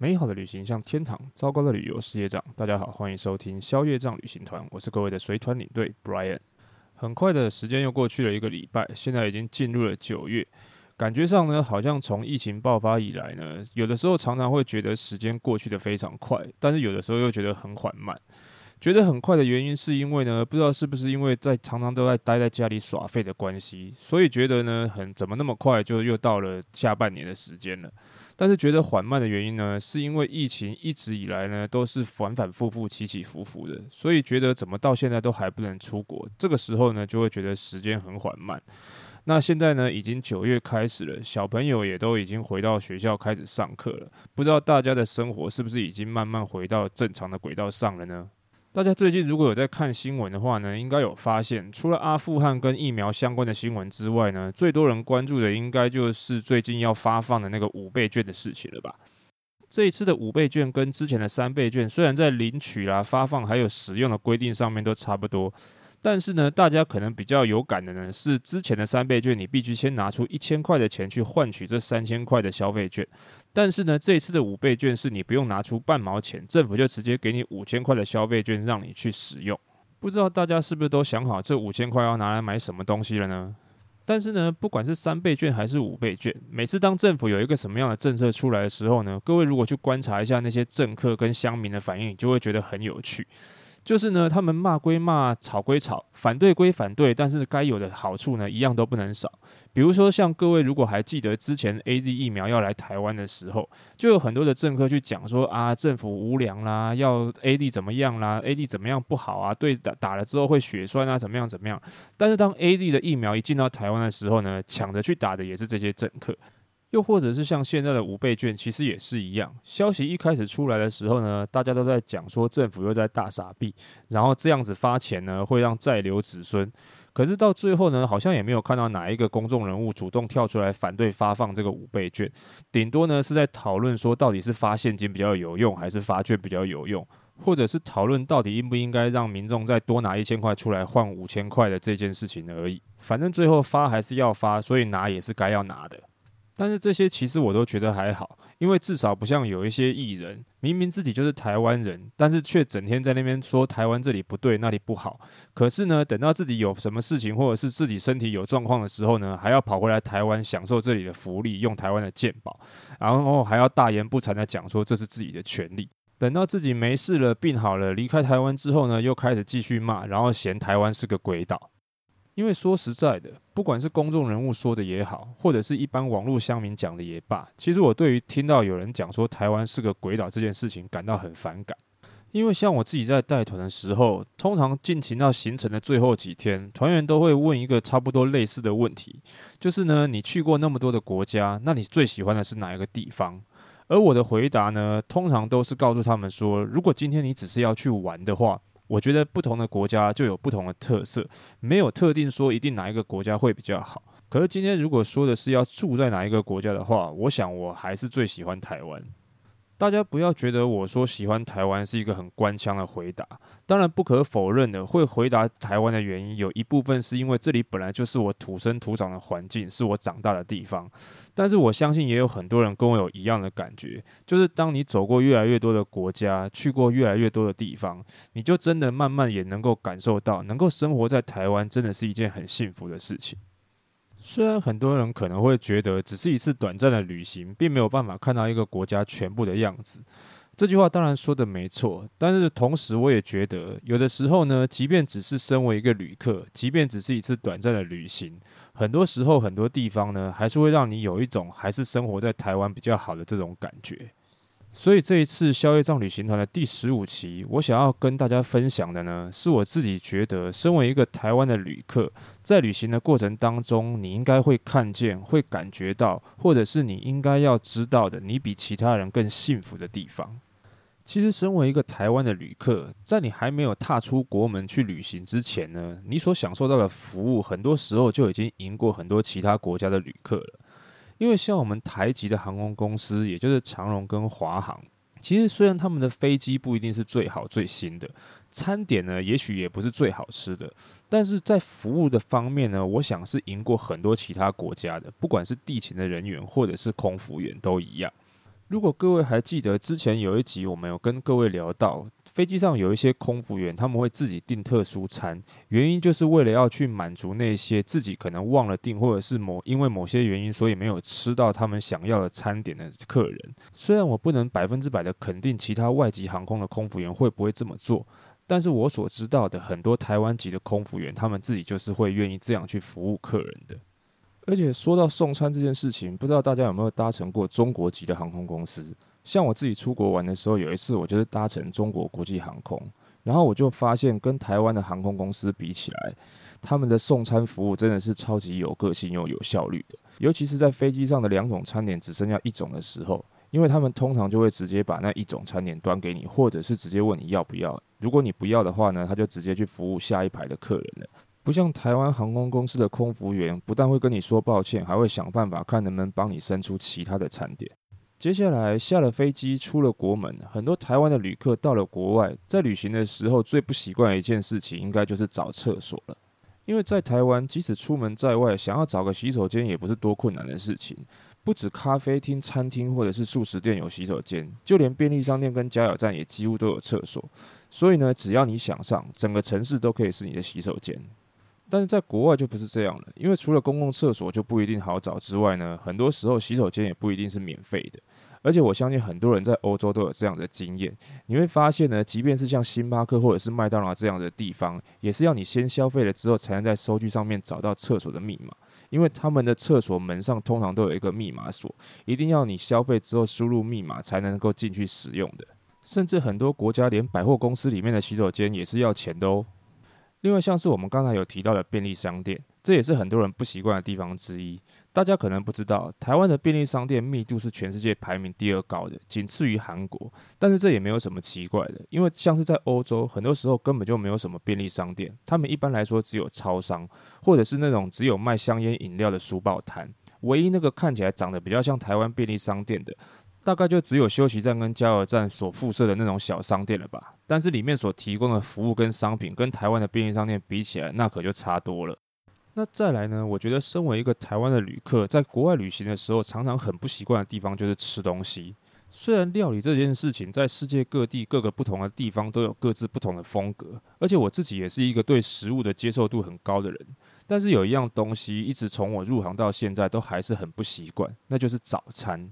美好的旅行像天堂，糟糕的旅遊是業障。大家好，歡迎收聽消業障旅行團，我是各位的隨團領隊 Brian。很快的時間又過去了一個禮拜，現在已經進入了九月，感覺上呢，好像從疫情爆發以來呢，有的時候常常會覺得時間過去的非常快，但是有的時候又覺得很緩慢。覺得很快的原因是因為呢，不知道是不是因為在常常都在待在家裡耍廢的關係，所以覺得呢很怎麼那麼快就又到了下半年的時間了。但是覺得緩慢的原因呢，是因為疫情一直以來呢都是反反复覆起起伏伏的，所以覺得怎麼到現在都還不能出國，這個時候呢就會覺得時間很緩慢。那現在呢已經九月開始了，小朋友也都已經回到學校開始上課了，不知道大家的生活是不是已經慢慢回到正常的軌道上了呢？大家最近如果有在看新聞的話呢，應該有發現，除了阿富汗跟疫苗相關的新聞之外呢，最多人關注的應該就是最近要發放的那個五倍券的事情了吧？這一次的五倍券跟之前的三倍券雖然在領取啦、發放還有使用的規定上面都差不多，但是呢，大家可能比較有感的呢是之前的三倍券，你必須先拿出一千塊的錢去換取這三千塊的消費券。但是呢，這一次的五倍券是你不用拿出半毛錢，政府就直接給你五千塊的消費券讓你去使用。不知道大家是不是都想好這五千塊要拿來買什麼東西了呢？但是呢，不管是三倍券還是五倍券，每次當政府有一個什麼樣的政策出來的時候呢，各位如果去觀察一下那些政客跟鄉民的反應，你就會覺得很有趣。就是呢，他們罵歸罵，吵歸吵，反對歸反對，但是該有的好處呢，一樣都不能少。比如說，像各位如果還記得之前 A Z 疫苗要來台灣的時候，就有很多的政客去講說啊，政府無良啦，要 A Z 怎麼樣啦，A Z 怎麼樣不好啊，對打打了之後會血栓啊，怎麼樣怎麼樣。但是當 A Z 的疫苗一進到台灣的時候呢，搶着去打的也是這些政客。又或者是像現在的五倍券，其實也是一樣。消息一開始出來的時候呢，大家都在講說政府又在大撒幣，然後這樣子發錢呢會讓債留子孫。可是到最後呢，好像也沒有看到哪一個公眾人物主動跳出來反對發放這個五倍券，頂多呢是在討論說到底是發現金比較有用，還是發券比較有用，或者是討論到底應不應該讓民眾再多拿一千塊出來換五千塊的這件事情而已。反正最後發還是要發，所以拿也是該要拿的。但是這些其實我都覺得還好，因為至少不像有一些藝人，明明自己就是台灣人，但是卻整天在那邊說台灣這裡不對那裡不好。可是呢，等到自己有什麼事情或者是自己身體有狀況的時候呢，還要跑回來台灣享受這裡的福利，用台灣的健保，然後還要大言不慚的講說，這是自己的權利。等到自己沒事了，病好了，離開台灣之後呢，又開始繼續罵，然後嫌台灣是個鬼島。因為說實在的，不管是公眾人物說的也好，或者是一般網絡鄉民講的也罷，其實我對於聽到有人講說台灣是個鬼島這件事情感到很反感。因為像我自己在帶團的時候，通常進行到行程的最後幾天，團員都會問一個差不多類似的問題，就是呢，你去過那麼多的國家，那你最喜歡的是哪一個地方？而我的回答呢，通常都是告訴他們說，如果今天你只是要去玩的話。我覺得不同的國家就有不同的特色，沒有特定說一定哪一個國家會比較好。可是今天如果說的是要住在哪一個國家的話，我想我還是最喜歡台灣。大家不要覺得我說喜歡台灣是一個很官腔的回答。當然，不可否認的，會回答台灣的原因有一部分是因為這裡本來就是我土生土長的環境，是我長大的地方。但是我相信也有很多人跟我有一樣的感覺，就是當你走過越來越多的國家，去過越來越多的地方，你就真的慢慢也能夠感受到，能夠生活在台灣真的是一件很幸福的事情。雖然很多人可能會覺得只是一次短暫的旅行，並沒有辦法看到一個國家全部的樣子，這句話當然說的沒錯。但是同時，我也覺得有的時候呢，即便只是身為一個旅客，即便只是一次短暫的旅行，很多時候很多地方呢，還是會讓你有一種還是生活在台灣比較好的這種感覺。所以這一次消業障旅行團的第十五期，我想要跟大家分享的呢，是我自己覺得身為一個台灣的旅客，在旅行的過程當中，你應該會看見、會感覺到，或者是你應該要知道的，你比其他人更幸福的地方。其實，身為一個台灣的旅客，在你還沒有踏出國門去旅行之前呢，你所享受到的服務，很多時候就已經贏過很多其他國家的旅客了。因為像我們台籍的航空公司，也就是長榮跟華航，其實雖然他們的飛機不一定是最好最新的，餐點呢也許也不是最好吃的，但是在服務的方面呢，我想是贏過很多其他國家的，不管是地勤的人員或者是空服員都一樣。如果各位還記得之前有一集，我們有跟各位聊到。飛機上有一些空服員，他們會自己訂特殊餐，原因就是為了要去滿足那些自己可能忘了訂，或者是某因為某些原因所以沒有吃到他們想要的餐點的客人。雖然我不能百分之百的肯定其他外籍航空的空服員會不會這麼做，但是我所知道的很多台灣籍的空服員，他們自己就是會願意這樣去服務客人的。而且說到送餐這件事情，不知道大家有沒有搭乘過中國籍的航空公司？像我自己出國玩的時候，有一次我就是搭乘中國國際航空，然後我就發現跟台灣的航空公司比起來，他們的送餐服務真的是超級有個性又有效率的。尤其是在飛機上的兩種餐點只剩下一種的時候，因為他們通常就會直接把那一種餐點端給你，或者是直接問你要不要。如果你不要的話呢，他就直接去服務下一排的客人了。不像台灣航空公司的空服員，不但會跟你說抱歉，還會想辦法看能不能幫你生出其他的餐點。接下來，下了飛機，出了國門，很多台灣的旅客到了國外，在旅行的時候最不習慣的一件事情，應該就是找廁所了。因為在台灣，即使出門在外，想要找個洗手間也不是多困難的事情。不止咖啡廳、餐廳或者是速食店有洗手間，就連便利商店跟加油站也幾乎都有廁所。所以呢，只要你想上，整個城市都可以是你的洗手間。但是在國外就不是這樣了，因為除了公共廁所就不一定好找之外呢，很多時候洗手間也不一定是免費的。而且我相信很多人在歐洲都有這樣的經驗，你會發現呢，即便是像星巴克或者是麥當勞這樣的地方，也是要你先消費了之後，才能在收據上面找到廁所的密碼，因為他們的廁所門上通常都有一個密碼鎖，一定要你消費之後輸入密碼才能夠進去使用的。甚至很多國家連百貨公司裡面的洗手間也是要錢的哦。另外，像是我們剛才有提到的便利商店，這也是很多人不習慣的地方之一。大家可能不知道，台灣的便利商店密度是全世界排名第二高的，僅次於韓國。但是這也沒有什麼奇怪的，因為像是在歐洲，很多時候根本就沒有什麼便利商店，他們一般來說只有超商，或者是那種只有賣香菸、飲料的書報攤。唯一那個看起來長得比較像台灣便利商店的，大概就只有休息站跟加油站所附設的那種小商店了吧。但是裡面所提供的服務跟商品，跟台灣的便利商店比起來，那可就差多了。那再來呢，我覺得身為一個台灣的旅客，在國外旅行的時候，常常很不習慣的地方就是吃東西。雖然料理這件事情在世界各地各個不同的地方都有各自不同的風格，而且我自己也是一個對食物的接受度很高的人。但是有一樣東西一直從我入行到現在都還是很不習慣，那就是早餐。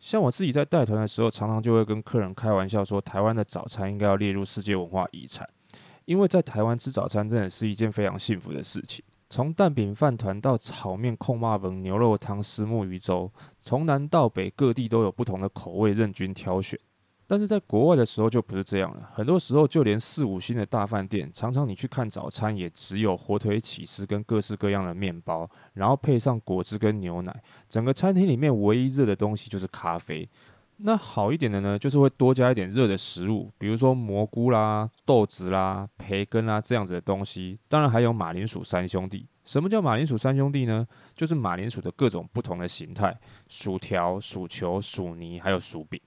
像我自己在帶團的時候，常常就會跟客人開玩笑說，台灣的早餐應該要列入世界文化遺產，因為在台灣吃早餐真的是一件非常幸福的事情。從蛋餅飯團到炒麵控媽粉、牛肉湯、虱目魚粥，從南到北各地都有不同的口味，任君挑選。但是在國外的時候就不是這樣了，很多時候就連四五星的大飯店，常常你去看早餐也只有火腿起司跟各式各樣的麵包，然後配上果汁跟牛奶，整個餐廳裡面唯一熱的東西就是咖啡。那好一點的呢，就是會多加一點熱的食物，比如說蘑菇啦、豆子啦、培根啦這樣子的東西。當然還有馬鈴薯三兄弟。什麼叫馬鈴薯三兄弟呢？就是馬鈴薯的各種不同的形態：薯條、薯球、薯泥，還有薯餅。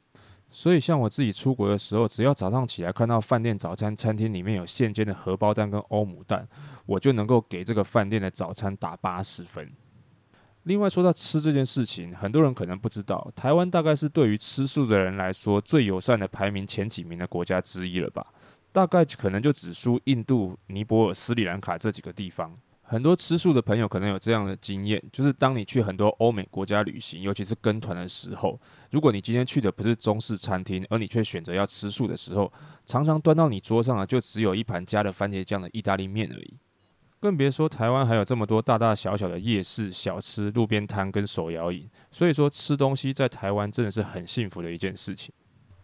所以，像我自己出國的時候，只要早上起來看到飯店早餐餐廳裡面有現煎的荷包蛋跟歐姆蛋，我就能夠給這個飯店的早餐打八十分。另外說到吃這件事情，很多人可能不知道，台灣大概是對於吃素的人來說最友善的排名前幾名的國家之一了吧？大概可能就只輸印度、尼泊爾、斯里蘭卡這幾個地方。很多吃素的朋友可能有這樣的經驗，就是當你去很多歐美國家旅行，尤其是跟團的時候，如果你今天去的不是中式餐廳，而你卻選擇要吃素的時候，常常端到你桌上的就只有一盤加了番茄醬的意大利麵而已。更別說台灣還有這麼多大大小小的夜市、小吃、路邊攤跟手搖飲。所以說吃東西在台灣真的是很幸福的一件事情。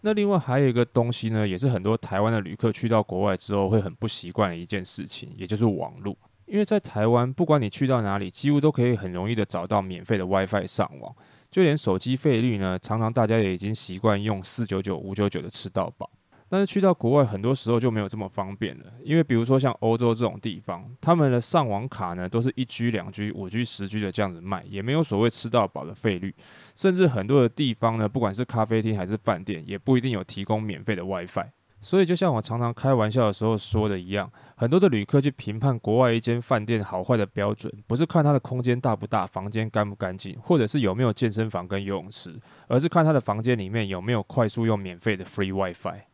那另外還有一個東西呢，也是很多台灣的旅客去到國外之後會很不習慣的一件事情，也就是網絡。因為在台灣，不管你去到哪裡，幾乎都可以很容易的找到免費的 WiFi 上網，就連手機費率呢，常常大家也已經習慣用四九九五九九的吃到飽。但是去到國外，很多時候就沒有這麼方便了，因為比如說像歐洲這種地方，他們的上網卡呢都是一 G、兩 G、五 G、十 G 的這樣子賣，也沒有所謂吃到飽的費率，甚至很多的地方呢，不管是咖啡廳還是飯店，也不一定有提供免費的 WiFi。所以就像我常常開玩笑的時候說的一樣，很多的旅客去評判國外一間飯店好壞的標準，不是看它的空間大不大、房間乾不乾淨，或者是有沒有健身房跟游泳池，而是看它的房間裡面有沒有快速又免費的 Free WiFi。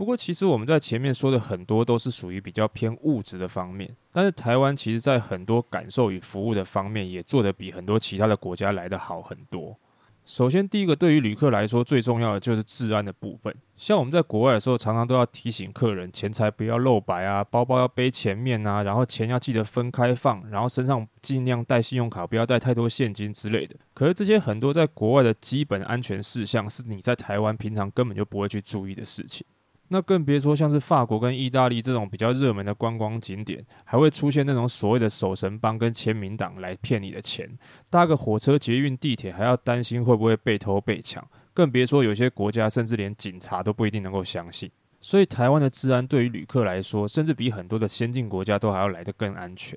不過，其實我們在前面說的很多都是屬於比較偏物質的方面，但是台灣其實，在很多感受與服務的方面，也做得比很多其他的國家來得好很多。首先，第一個，對於旅客來說，最重要的就是治安的部分。像我們在國外的時候，常常都要提醒客人，錢財不要露白啊，包包要背前面啊，然後錢要記得分開放，然後身上盡量帶信用卡，不要帶太多現金之類的。可是這些很多在國外的基本安全事項，是你在台灣平常根本就不會去注意的事情。那更別說像是法國跟意大利這種比較熱門的觀光景點，還會出現那種所謂的守神幫跟簽名黨來騙你的錢，搭個火車、捷運、地鐵還要擔心會不會被偷被搶，更別說有些國家甚至連警察都不一定能夠相信。所以台灣的治安對於旅客來說，甚至比很多的先進國家都還要來得更安全。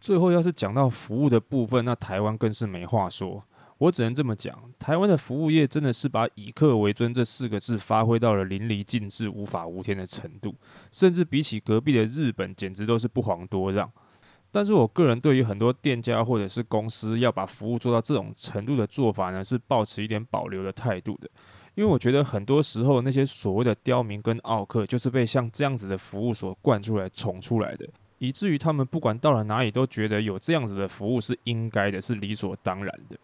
最後要是講到服務的部分，那台灣更是沒話說。我只能這麼講，台灣的服務業真的是把“以客為尊”這四個字發揮到了淋漓盡致、無法無天的程度，甚至比起隔壁的日本，簡直都是不遑多讓。但是我個人對於很多店家或者是公司要把服務做到這種程度的做法呢，是抱持一點保留的態度的，因為我覺得很多時候那些所謂的刁民跟奧客，就是被像這樣子的服務所慣出來、寵出來的，以至於他們不管到了哪裡都覺得有這樣子的服務是應該的，是理所當然的。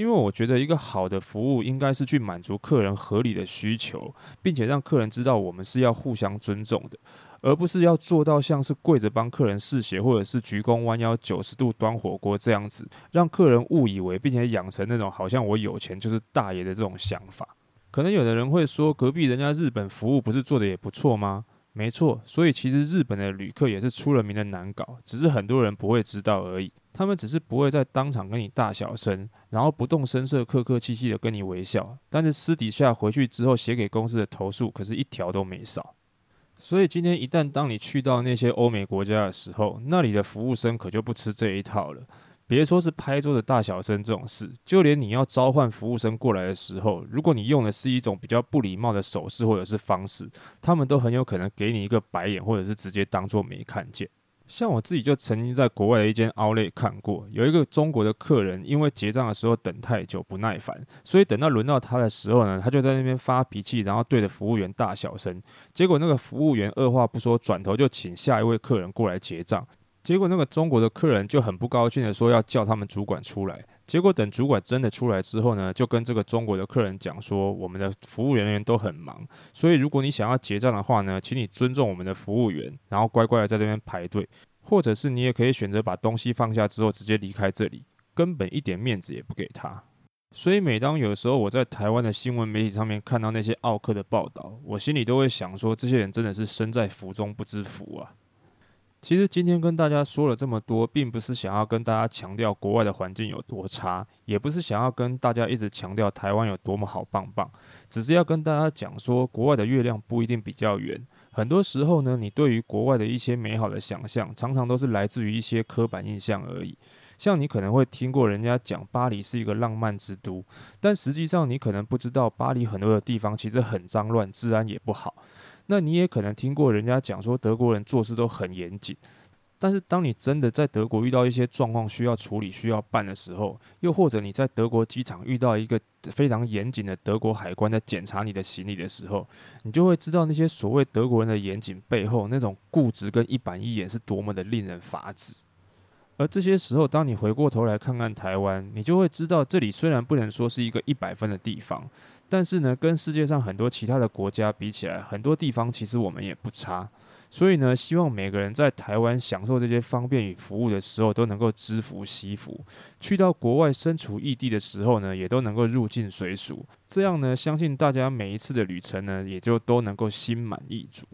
因為我覺得一個好的服務應該是去滿足客人合理的需求，並且讓客人知道我們是要互相尊重的，而不是要做到像是跪着幫客人試鞋，或者是鞠躬彎腰九十度端火鍋這樣子，讓客人誤以為，並且養成那種好像我有錢就是大爺的這種想法。可能有的人會說，隔壁人家日本服務不是做得也不錯嗎？沒錯，所以其實日本的旅客也是出了名的難搞，只是很多人不會知道而已。他們只是不會在當場跟你大小聲，然後不動聲色、客客氣氣的跟你微笑，但是私底下回去之後寫給公司的投訴，可是一條都沒少。所以今天一旦當你去到那些歐美國家的時候，那裡的服務生可就不吃這一套了。別說是拍桌的大小聲這種事，就連你要召喚服務生過來的時候，如果你用的是一種比較不禮貌的手勢或者是方式，他們都很有可能給你一個白眼，或者是直接當作沒看見。像我自己就曾經在國外的一間奧 t 看過，有一個中國的客人，因為結賬的時候等太久不耐煩，所以等到輪到他的時候呢，他就在那邊發脾氣，然後對着服務員大小聲。結果那個服務員二話不說，轉頭就請下一位客人過來結賬。結果那個中國的客人就很不高興的說要叫他們主管出來。結果等主管真的出來之後呢，就跟這個中國的客人講說，我們的服務人員都很忙，所以如果你想要結賬的話呢，請你尊重我們的服務員，然後乖乖的在這邊排隊，或者是你也可以選擇把東西放下之後直接離開這裡，根本一點面子也不給他。所以每當有時候我在台灣的新聞媒體上面看到那些澳客的報道，我心裡都會想說，這些人真的是身在福中不知福啊。其實今天跟大家說了這麼多，並不是想要跟大家強調國外的環境有多差，也不是想要跟大家一直強調台灣有多麼好棒棒，只是要跟大家講說，國外的月亮不一定比較圓。很多時候呢，你對於國外的一些美好的想象，常常都是來自於一些刻板印象而已。像你可能會聽過人家講巴黎是一個浪漫之都，但實際上你可能不知道，巴黎很多的地方其實很髒亂，治安也不好。那你也可能聽過人家講說德國人做事都很嚴謹，但是當你真的在德國遇到一些狀況需要處理、需要辦的時候，又或者你在德國機場遇到一個非常嚴謹的德國海關在檢查你的行李的時候，你就會知道那些所謂德國人的嚴謹背後那種固執跟一板一眼是多麼的令人髮指。而這些時候，當你回過頭來看看台灣，你就會知道這裡雖然不能說是一個一百分的地方。但是呢，跟世界上很多其他的國家比起來，很多地方其實我們也不差。所以呢，希望每個人在台灣享受這些方便與服務的時候，都能夠知福惜福；去到國外身處異地的時候呢，也都能夠入境隨俗。這樣呢，相信大家每一次的旅程呢，也就都能夠心滿意足。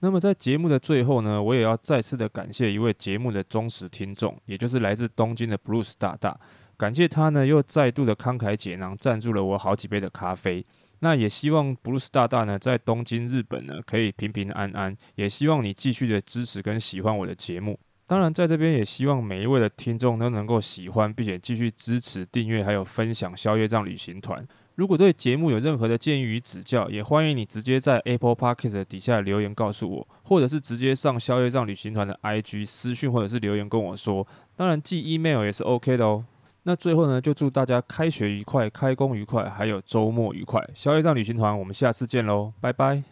那麼在節目的最後呢，我也要再次的感謝一位節目的忠實聽眾，也就是來自東京的 Bruce 大大。感謝他呢，又再度的慷慨解囊，贊助了我好幾杯的咖啡。那也希望布魯斯大大呢，在東京日本呢，可以平平安安。也希望你繼續的支持跟喜歡我的節目。當然，在這邊也希望每一位的聽眾都能夠喜歡，並且繼續支持訂閱，還有分享消業障旅行團。如果對節目有任何的建議與指教，也歡迎你直接在 Apple Podcast 底下留言告訴我，或者是直接上消業障旅行團的 IG 私訊，或者是留言跟我說。當然，寄 email 也是 OK 的哦。那最後呢，就祝大家開學愉快、開工愉快，還有周末愉快！消業障旅行團，我們下次見嘍，拜拜。